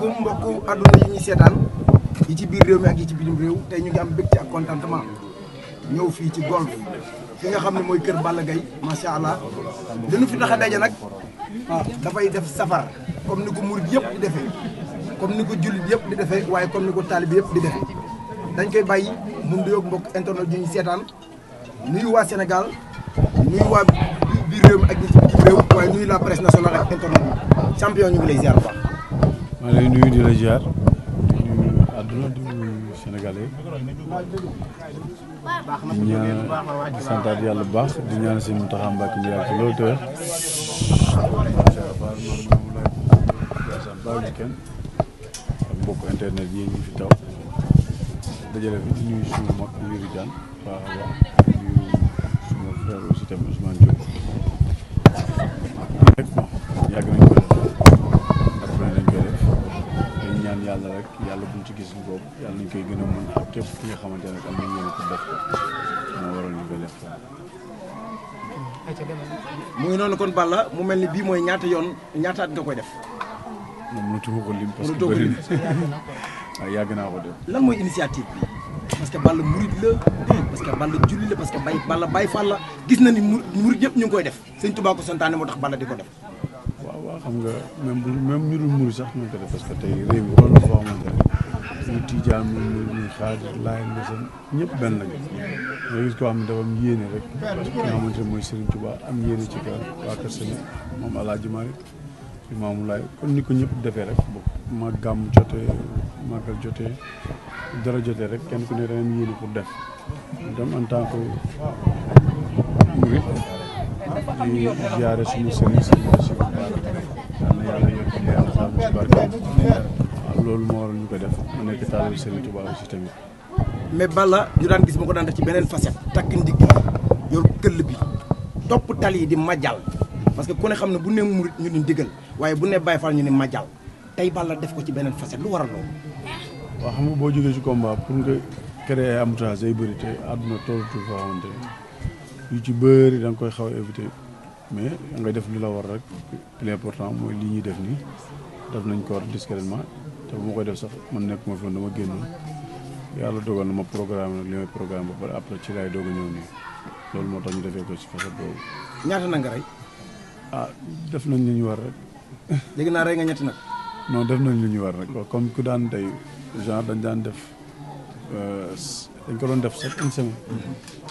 asalaamaaleykum mbokk àdduna yi ñuy seetaan yi ci biir réew mi ak yi ci bitim réew tey ñu ngi am ci ak contentement ñëw fii ci golf fi nga xam ne mooy kër Balla Gaye macha allah li nu fi tax a daje nag waaw ah, dafay def safar comme ni ko murid yëpp di defee comme ni ko jullit yëpp di defee waaye comme ni ko taalib yëpp di defee dañ koy bàyyi mun di yokk mbokk internet yi ñu seetaan nuyu waa senegal nuyu waa biir réew mi ak ñi ci bitim réew waaye nuyu la presse nationale ak internet lay ziar maa lay nuyu di la ziar di nuyu àdduna di nuyu sénégalais di ñaan yàlla bu baax di ñaan seen Mountakha Mbacké mu yàgg loolu te bàyyi kenn ak mbokk internet yi ñu fi taw dajale fi nuyu suñu mag Lirou Diane baax a nuyu suñu frère aussi tamit Ousmane yàlla buñ ci gis suñu bopp yàlla nañ koy gën a mën ak képp ki nga xamante ne am nañ def ko moo waral ñu koy def ko. noonu kon Balla mu mel ni bii mooy ñaata yoon ñaata at nga koy def. moom mënatu ko ko lim parce que bëri na ah, yàgg naa ko def. lan mooy initiative bi parce que Balla murid la parce que Balla julli la parce que Baye Balla Baye Fall la gis na ni murid yëpp ñu ngi koy def Sëñ Tuubaa ko santaane moo tax Balla di ko def. xam nga même bu même ñu dul murid sax mu ko def parce que tey réew mi xool na foo xamante ne ñu laay mesen ñëpp benn lañu nga gis koo xam ne rek ki nga xamante ne mooy Serigne Touba am yéene ci ka waa kër Sëñ moom Alaaji Maalik Limaamu Laay kon ni ko ñëpp defee rek bokk ma gàmm jotee màggal jotee dara jotee rek kenn ku ne ren yéene pour def dem en tant que murid di ziare suñu sëriñ si na yàlla loolu moo ñu ko def mu nekk taalibu Sëriñ Tuubaa aussi tamit mais bala ñu daan gis ma ko daan def ci beneen facette takk ndigg yor këll bi topp tal yi di majal parce que ku ne xam ne bu ne murit ñu ni ndigal waaye bu ne Baay Faal ñu ni majal tey bala def ko ci beneen facette lu waral loolu waaw xam nga boo jógee si combat pour nga créer ay avantage day bëri te àdduna toolu tuuti foo xamante yu ci bëri da nga koy xaw a éviter mais nga def li la war rek l'important mooy lii ñuy def nii def nañ ko war discrètement te bu ma koy def sax man nekk ma fi woon dama génn yàlla dogal na ma programme nag li may programme ba pare après ci laay doog ñëw nii loolu moo tax ñu defee ko si façon boobu. ñaata na nga rey. ah def nañ li ñu war rek. léegi naa rey nga ñetti nag. non def nañ li ñu war rek. comme ku daan tey genre dañ daan def. Euh, dañ ko doon def chaque une semaine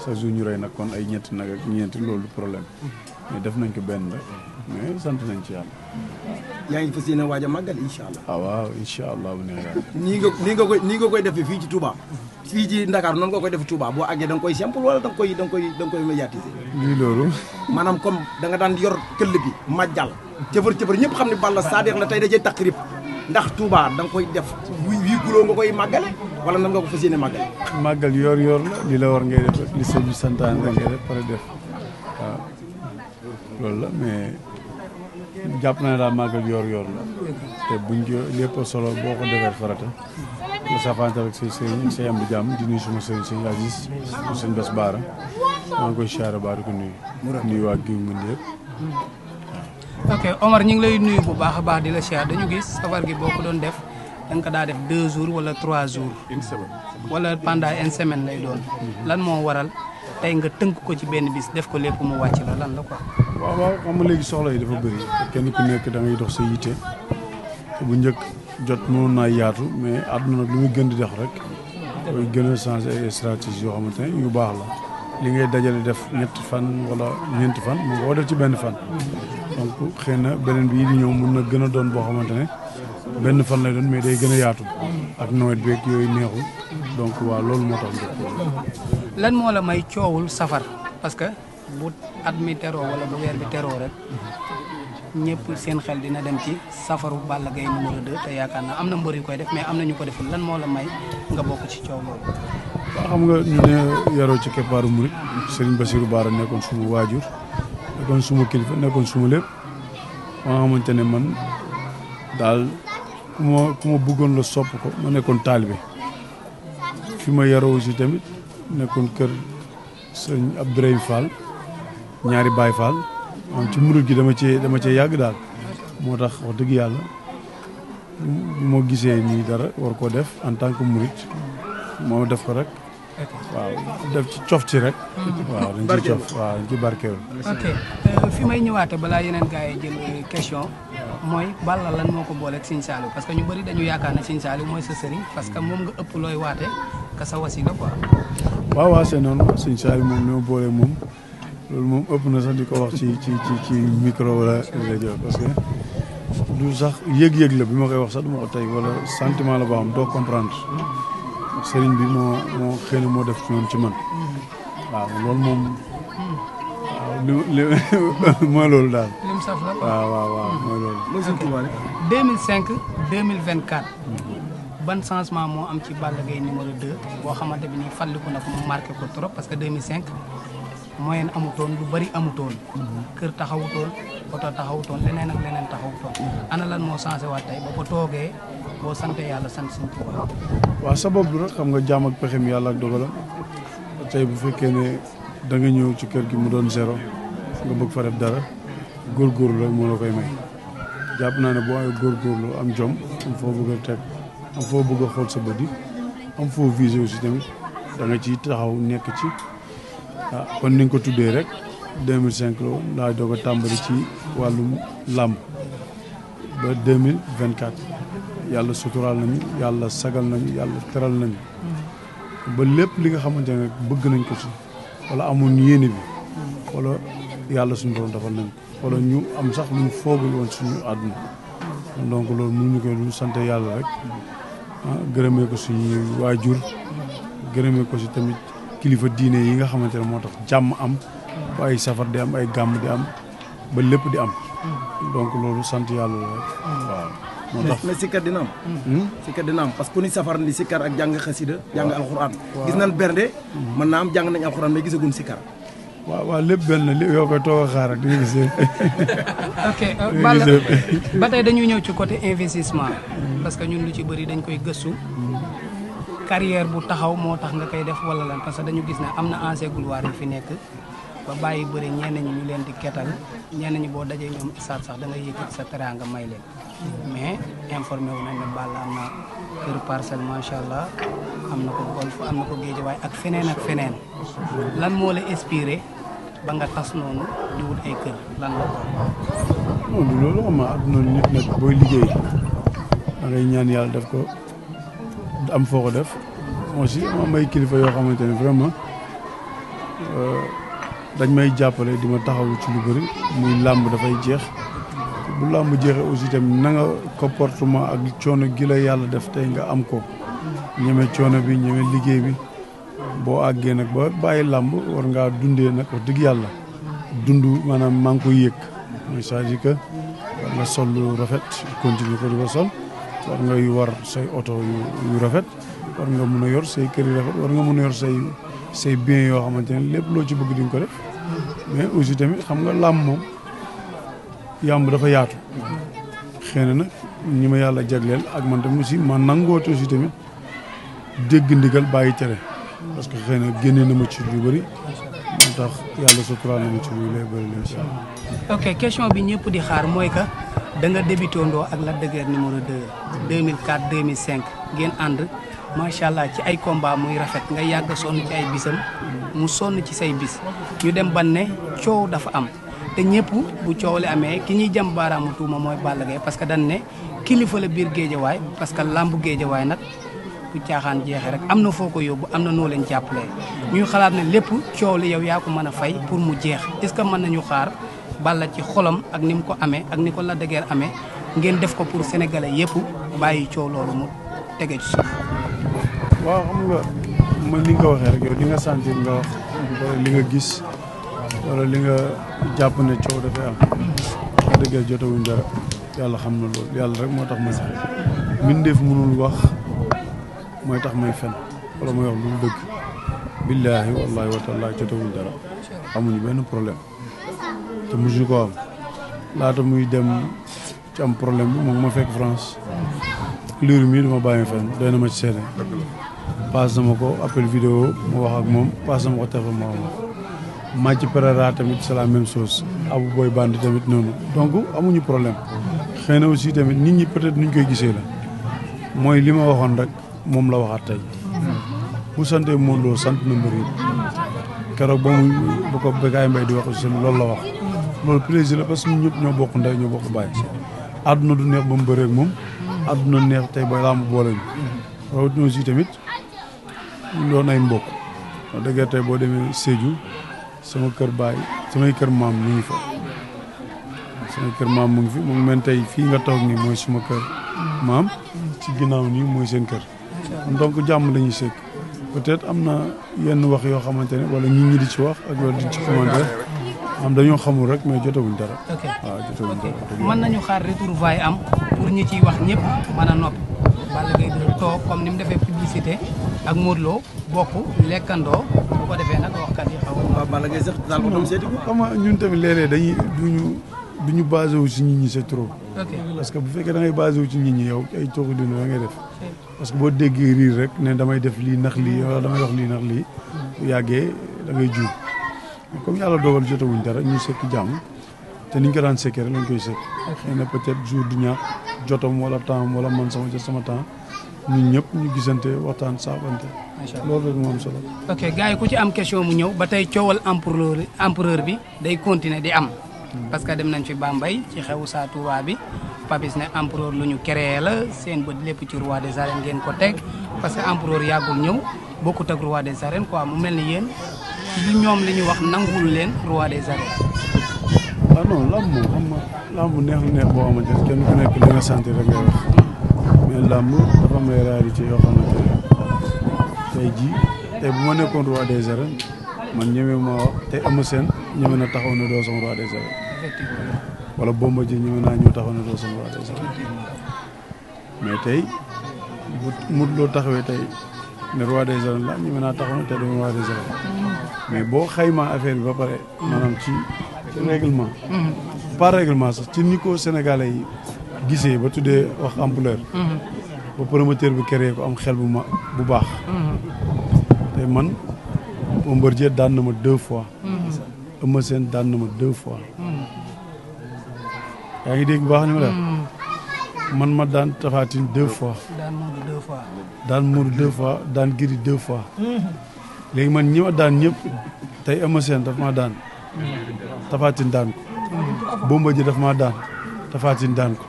sa jour ñu rey nag kon ay ñeenti nag ñeenti loolu problème mais def nañ ko benn rek mais sant nañ ci yàlla. yaa ngi fas yéene waaj a màggal incha allah. ah waaw incha allah bu neex nii nga nii nga koy nii nga koy defee fii ci Touba. fii ci Dakar noonu nga koy defee Touba boo àggee danga koy simple wala da nga koy da koy da nga koy médiatiser. loolu. maanaam comme da nga daan yor këll bi màjjal. cëfër cëfër ñëpp xam ne Balla Sadex la tey dajee takrib ndax Touba danga koy def wii guloo nga koy màggale. wala nan nga ko fas yéene yoor yoor la li la war ngay def li sëñ bi rek ngay def pare def la mais jàpp naa daal màggal yoor yoor la te buñ jo lépp boo ko defee farata nga safante rek say sëriñ say am di jàmm di nuyu suma sëriñ sëñ Aziz mu sëñ Bas Baara maa ngi koy siyaare baa di nuyu nuyu waa Guy Mbind yëpp ok Omar ñu ngi lay nuyu bu baax a baax di la siyaare dañu gis safar gi boo ko doon def da daa def deux jours wala trois jours. une semaine wala semaine lay doon. lan moo waral tey nga tënk ko ci benn bis def ko lépp mu wàcc la lan la quoi. waaw waaw xam nga léegi soxla yi dafa bëri kenn ku nekk da ngay dox sa yitte bu njëkk jot mënoon naa yaatu mais àdduna nag lu muy gën di dox rek. koy gën a changé ay stratégie yoo xamante yu baax la li ngay dajale def ñetti fan wala ñeenti fan mu woo def ci benn fan mm-hmm. donc xëy na beneen bi di ñëw mun na gën a doon boo xamante ne benn fan lay doon mais day gën a yaatu ak nawet beeg yooyu neexul donc waa loolu moo tax lan moo la may coowul safar parce que bu at mi teroo wala bu weer bi teroo rek ñëpp seen xel dina dem ci safaru Balla Gaye numéro 2 te yaakaar naa am na mbër yu koy def mais am na ñu ko deful lan moo la may nga bokk ci coow loolu. waaw xam nga ñu ne yaroo ci keppaaru murit Serigne Bassirou Bara nekkoon suma waajur nekkoon suma kilifa nekkoon suma lépp ba nga ku ma ku ma bëggoon la sopp ko ma nekkoon taalibe fi ma yaroo aussi tamit nekkoon kër sëñ Abdourahim Fall ñaari baay Fall am ci murid gi dama cee dama cee yàgg daal moo tax wax dëgg yàlla bu ma gisee nii dara war koo def en tant que murid moo def ko rek waaw def ci cof ci rek. waaw dañ ci cof waaw dañ ci barkeelu. ok euh, fi may ñëwaate balaa yeneen gars yi jël question mooy Balla lan moo ko booleeg Sëñ Saliou parce que ñu bëri dañu yaakaar ne Sëñ Saliou mooy sa sëriñ parce que moom nga ëpp looy waate ka sa wasila quoi. waaw waaw c'est noonu Sëñ Saliou moom moom loolu moom ëpp na sax di ko wax ci ci ci ci micro wala rajo parce que du sax yëg-yëg la bi ma koy wax sax du ma ko tey wala sentiment la boo xam doo comprendre. sëriñ bi moo moo xëy moo def ci ci man waaw loolu moom mooy loolu daal. la waaw waaw waaw hmm. mooy loolu. mooy seen tubaab hmm. ban changement moo am ci Balla Gaye numéro 2 boo xamante bi nii fàttaliku na ko mu marqué ko trop parce que 2005 moyen amutoon lu bari amutoon. Hmm. kër taxawutoon oto taxawutoon leneen leneen taxawutoon. ana lan moo changé waat ba ko toogee. boo sante yàlla sant suñu Tuubaa waaw sabab lu rek xam nga jaam ak pexem yàlla ak dogalam tey bu fekkee ne da nga ñëw ci kër gi mu doon zéro nga bëgg fa def dara góorgóorlu rek moo la koy may jàpp naa ne boo ay góorgóorlu am jom am foo bëgg a teg am foo bëgg a xool sa bët yi am foo visé aussi tamit da ci taxaw nekk ci ah, kon ni nga ko tuddee rek 2005 cinq lo laa doog a tàmbali ci wàllum làmb ba 2024 yàlla suturaal nañu yàlla sagal nañu yàlla teral nañu. ba lépp li nga xamante ne bëgg nañ ko si wala amoon yéene bi. wala yàlla suñu borom defal nañ ko. wala ñu am sax luñ foogul woon suñu àdduna. donc loolu mënu ñu koy lu sant yàlla rek. Ah, gërëmee ko suñu waajur. gërëmee ko ci tamit kilifa diine yi nga xamante ne moo tax jàmm am. ba ay safar di am ay gàmm di am ba lépp di am. donc loolu sant yàlla la rek hmm. moo tax mais sikkar dina am hmm? sikkar dina parce que ku ni safar ni sikkar ak jàng xasida jàng alxuraan gis nañ bernde mën naa am jàng nañ alxuraan mais gisaguñ sikkar waaw waaw lépp benn li yow koy toog a xaar ak di nga euh, gisee. ba tey dañuy ñëw ci côté investissement. parce que ñun lu ci bëri dañ koy gëstu. Hmm. carrière bu taxaw moo tax nga koy def wala lan parce que dañu gis ne am na ancien gloire yu fi nekk. ba bàyyi bëri ñenn ñi ñu leen di ketal ñenn ñu boo dajee ñoom isaat sax da ngay yëkkati sa teraanga may leen mais informé wu nañ ne Balla am na kër parcelle macha allah am na ko golf am na ko géej waaye ak feneen ak feneen lan moo la inspiré ba nga tas noonu di wut ay kër lan la ko. non loolu xam nga àdduna nit nag booy liggéey da ñaan yàlla def ko am foo def aussi am ay kilifa yoo xamante ne euh, dañ may jàppale di ma taxawu ci lu bëri muy làmb dafay jeex bu làmb jeexee aussi tamit nanga nga comportement ak coono gi la yàlla def tey nga am ko ñeme coono bi ñeme liggéey bi boo àggee nag ba bàyyi làmb war ngaa dundee nag ko digg yàlla dund maanaam maa ngi koy yëg mooy cest war nga sol lu rafet continuer ko di ko sol war ngay war say oto yu rafet war nga mun a yor say kër yu rafet war nga mun a yor say say biens yoo xamante ne lépp loo ci bëgg di nga ko def mais aussi tamit xam nga làmb moom yàmb dafa yaatu xëy na nag ñi ma yàlla jagleel ak man tamit aussi ma nangoote aussi tamit dégg ndigal bàyyi tere parce que xëy na génne na ma ci lu bëri moo tax yàlla suturaal na ma ci lu lay bëri la incha ok question bi ñëpp di xaar mooy que da nga débuté ndoo ak Lac de Guiers numéro 2 2004 2005 ngeen ànd macha allah ci ay combat muy rafet nga yàgg sonn ci ay bisam mu sonn ci say bis ñu dem ban ne coow dafa am te ñëpp bu coow li amee ki ñuy jëm baaraamu tuuma mooy Balla Gaye parce que dañ ne kilifa la biir géejawaay parce que làmbu géejawaay nag bu caaxaan jeexee rek am na foo ko yóbbu am na noo leen jàppalee ñuy xalaat ne lépp coow li yow yaa ko mën a fay pour mu jeex est ce que mën nañu xaar Balla ci xolam ak ni mu ko amee ak ni ko la dëgër amee ngeen def ko pour sénégalais yëpp bàyyi coow tege ci suuf waaw xam nga man ni nga ko waxee rek yow li nga sentir nga wax wala li nga gis wala li nga jàpp ne coow dafay am wax dëgg yàlla jotewuñ dara yàlla xam na loolu yàlla rek moo tax ma sax mbindeef mënul wax mooy tax may fen wala lu dëgg billaahi wallaahi wa taala dara amuñu benn problème te mosuñu am laata muy dem ci am problème bi moom ma fekk France liir mii dama bàyyi fenn doy na ma ci seene paas na ma ko appel vidéo mu wax ak moom paas na ma ko téléphone ma am Mathi Pereira tamit c'est la même chose Abu Boy Bandi tamit noonu donc amuñu problème xëy na aussi tamit nit ñi peut-être nuñ koy gisee la mooy li ma waxoon rek moom la waxaat tey bu santee Modou Lo sant na mbër keroog ba mu ba ko Bécaye Mbaye di wax aussi loolu la wax loolu plaisir la parce que ñun ñoo bokk ndey ñoo bokku bàyyi àdduna du neex ba mu bëree ak moom àdduna neex tey ba laa mu boole ñu doon ay mbokk wax dëgg tey boo demee Sédhiou sama kër baay samay kër maam mu ngi fa sama kër maam mu ngi fi mu ngi mel tey fii nga toog nii mooy suma kër maam ci ginnaaw nii mooy seen kër donc jàmm lañuy sekk peut am na yenn wax yoo xamante ne wala ñi ñi di ci wax ak loolu di ci commentaire am dañoo xamul rek mais jotaguñ dara waaw jotaguñ dara mën nañu xaar retrouvaille am pour ñi ciy wax ñëpp mën a noppi Balla Gaye toog comme ni defee publicité ak Modou loo bokk lekkandoo bu ko defee nag waxkat yi xaw waaw bala ngay sax daal ko doon ñun tamit léeg-léeg dañuy duñu du ñu basé wu si nit ñi c'est parce que bu fekkee da ngay basé wu si nit ñi yow ay tooxi dund ngay def parce boo déggee riir rek ne damay def lii nax lii wala damay wax lii nax lii bu yàggee da ngay juum comme yàlla dogal jotawuñ dara ñu sekk jàmm te niñ ko daan sekkee rek lañ koy sekk xëy na jour du ñaax jotam wala temps wala man sama jot sama temps ñun ñëpp ñu gisante waxtaan saabante. macha allah loolu rek moo am ok gars yi ku ci am question mu ñëw ba tey coowal empereur empereur bi day continuer di am. Hmm. parce que dem nañ baam Bambey ci xew saa Touba bi Papis ne empereur lu ñu créé la seen bët lépp ci roi des arènes ngeen ko teg parce que empereur yàggul ñëw boo ko ak roi des arènes quoi mu mel ni yéen li ñoom li ñu wax nanguwul leen roi des arènes. ah non lamb moom xam nga neex neex boo xamante kenn ku nekk li làmb dafa am ay rarité yoo xamante ne tey jii tey bu ma nekkoon des arènes man ñeme ma wax tey Eumeu Sène ñeme na taxaw ne doo sama roi des arènes wala Bombardier ñeme naa ñëw taxaw ne doo sama roi des mais tey bu Modou Lô taxawee tey ne roi des arènes la ñeme naa taxaw ne tey doo roi des arènes mais boo xayma affaire bi ba pare maanaam ci règlement. Mm. pas règlement sax ko sénégalais yi. gisee ba tuddee wax ampleur mhm. ba promoteur bi créé ko am xel bu ma bu baax mhm. te man Bombardier daan na ma deux fois mhm. Eumeu Sène daan na ma deux yaa ngi dégg bu baax ni ma la man ma daan tafaatin Tine deux daan Modou deux fois daan Gris deux fois léegi man ñi ma daan ñëpp tey Eumeu Sène daf maa daan Tapha Tine daan ko Bombardier daf maa daan Tapha daan ko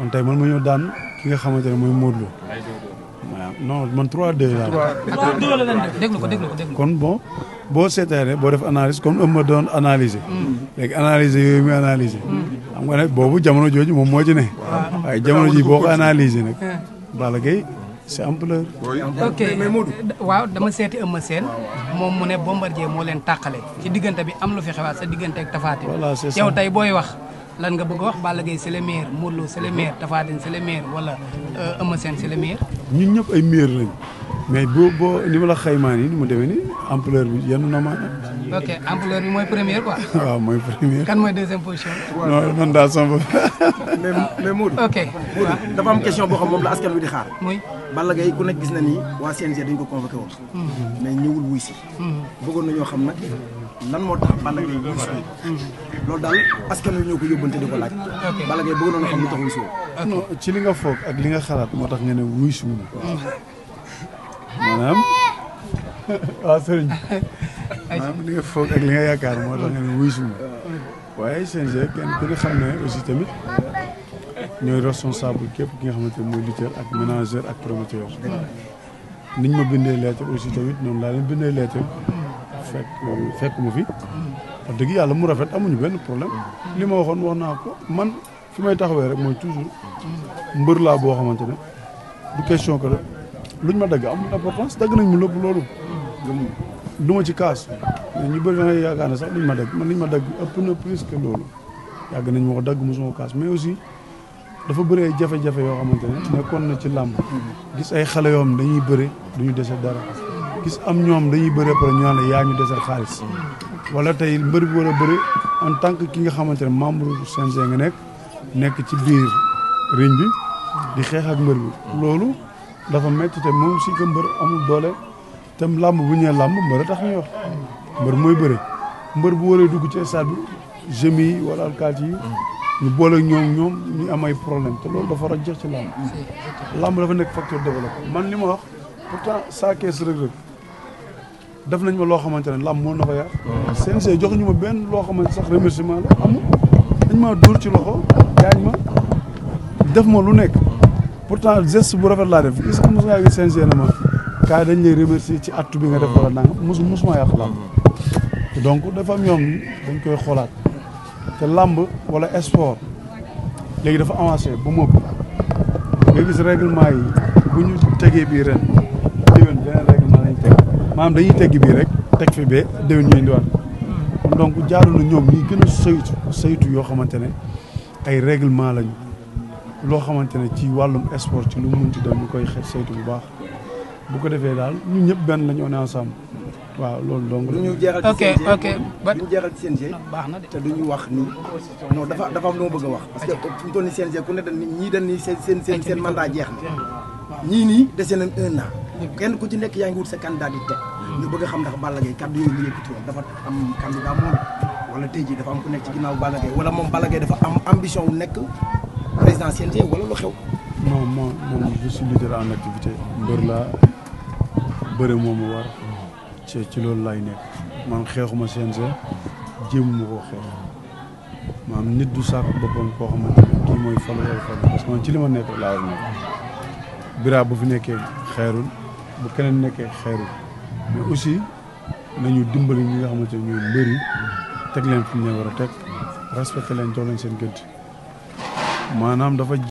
kon tey man ma ñëw daan ki nga xamante ne mooy Modou Lo. waaw non man 3-2 laa. kon bon boo seetee rek boo def analyse comme ëmb doon analyser. Mm. léegi analyser yooyu muy analyser. Mm. xam nga nag boobu jamono jooju moom moo ci ne. waaye jamono ji boo ko analyser nag. Mm. Balla Gaye c'est ampleur. waaw dama seeti ëmb seen. moom mu ne Bombardier moo leen tàqale ci diggante bi am lu fi xewaat sa diggante ak Tapha Tine yow tey booy wax lan nga bëgg wax Balla Gaye c'est le meilleur Modou Lo c'est le meilleur Tapha Tine c'est euh, ay meilleur lañ mais boo boo ni ma la xaymaa nii ni mu demee nii ampleur bi yenn na maanaam. ok ampleur bi mooy première quoi. waaw mooy première. kan mooy deuxième position. non man daal sama mais mais Modou. ok Modou dafa am question boo xam moom la askan wi di xaar. muy Balla Gaye ku na ni waa CNG dañ ko convoqué bëggoon ñoo xam nag lan moo tax Balla Gaye muy suul loolu daal askan wi ñoo ko yóbbante di ko laaj Balla Gaye bëgg nañoo xam lu taxul suul non ci li nga foog ak li nga xalaat moo tax nga ne wuy suul maanaam waaw ah, sëriñ maanaam li nga ak li nga yaakaar moo tax nga ne waaye CNG kenn ku xam ne aussi tamit ñooy responsable képp ki nga xamante mooy lutteur ak manager ak promoteur niñ ma bindee lettre aussi tamit noonu laa leen bindee leeta fekk fekk ma fi wax dëgg yàlla mu rafet amuñu benn problème li ma waxoon wax naa ko man fi may taxawee rek mooy toujours mbër laa boo xamante ne du question que luñ ma dagg amul importance dagg nañ mu lépp loolu du ma ci kaas ñu bëri dangay yaakaar ne sax liñ ma dagg man liñ ma dagg ëpp na plus que loolu yàgg nañ ma ko dagg mosuma ko kaas mais aussi dafa bëri ay jafe-jafe yoo xamante ne kon na ci làmb gis ay xale yoom dañuy bëri ñu dese dara gis am ñoom dañuy bëri pare ñu naan yaa ñu dese xaalis wala tey mbër bi war a bëri en tant que ki nga xamante ne membre CNG nga nekk nekk ci biir riñ bi di xeexak ak mbër bi loolu dafa métti te moom si que mbër am doole te làmb bu ñee làmb mbër tax ñuy mbër muy bëri mbër bu waree dugg ci stade bi jeunes alkaati ñu boole ñoom ñoom ñu am ay problème te loolu dafa war a jeex ci làmb làmb dafa nekk facteur développement man li ma wax pourtant saa kees Reug Reug def nañ ma loo xamante ne làmb moo na ko yar CNG jox ñu ma benn loo xamante sax remerciement la amul dañ ma dóor ci loxo gaañ ma def ma lu nekk pourtant geste bu rafet laa def gis nga mos ngaa gis CNG na ma kaay dañ lay remercier ci attu bi nga def wala nanga mos mosuma yàq làmb donc dafa am ñoom dañ koy xoolaat te làmb wala sport léegi dafa avancé ba mopp nga gis règlement yi bu ñu tegee bii ren déwén beneen règlement lañ teg maanaam dañuy teg bii rek teg fi bee déwén ñuy indiwaat kon donc jaadu na ñoom ñuy gën a saytu saytu yoo xamante ne ay règlement lañu loo xamante ne ci wàllum sport ci lu mun munti doon ñu koy saytu bu baax bu ko defee daal ñun ñëpp benn lañu on est ensemble waaw loolu donc lu ñu jeexal ci CNG ok ok ba ñu ah, baax na de te duñu wax nii non dafa dafa am lu ma bëgg a wax parce que fu mu toll nii ku ne dañ ñii dañ ni seen seen seen seen mandat jeex na ñii nii dese nañ un an kenn ku ci nekk yaa ngi wut sa candidat di teg hmm. ñu bëgg a xam ndax Balla Gaye kàddu yooyu yëkkati woon dafa am candidat moom wala tey jii dafa am ku nekk ci ginnaaw Balla Gaye wala moom Balla Gaye dafa am ambition wu nekk président CNG wala lu xew non moom moom je suis leader en activité mbër laa bëre ci ci loolu laay nekk man xeexuma CNG jéemuma koo xeex maam nit du sàkk boppam koo xamante ne kii mooy falu wala falu parce que man ci li ma nekk laa war nekk bira bu fi nekkee xeerul bu keneen nekkee xeerul mais aussi nañu dimbali ñi nga xamante ne ñooy mbëri teg leen fi ñu war a teg respecté leen jox leen seen gëdd maanaam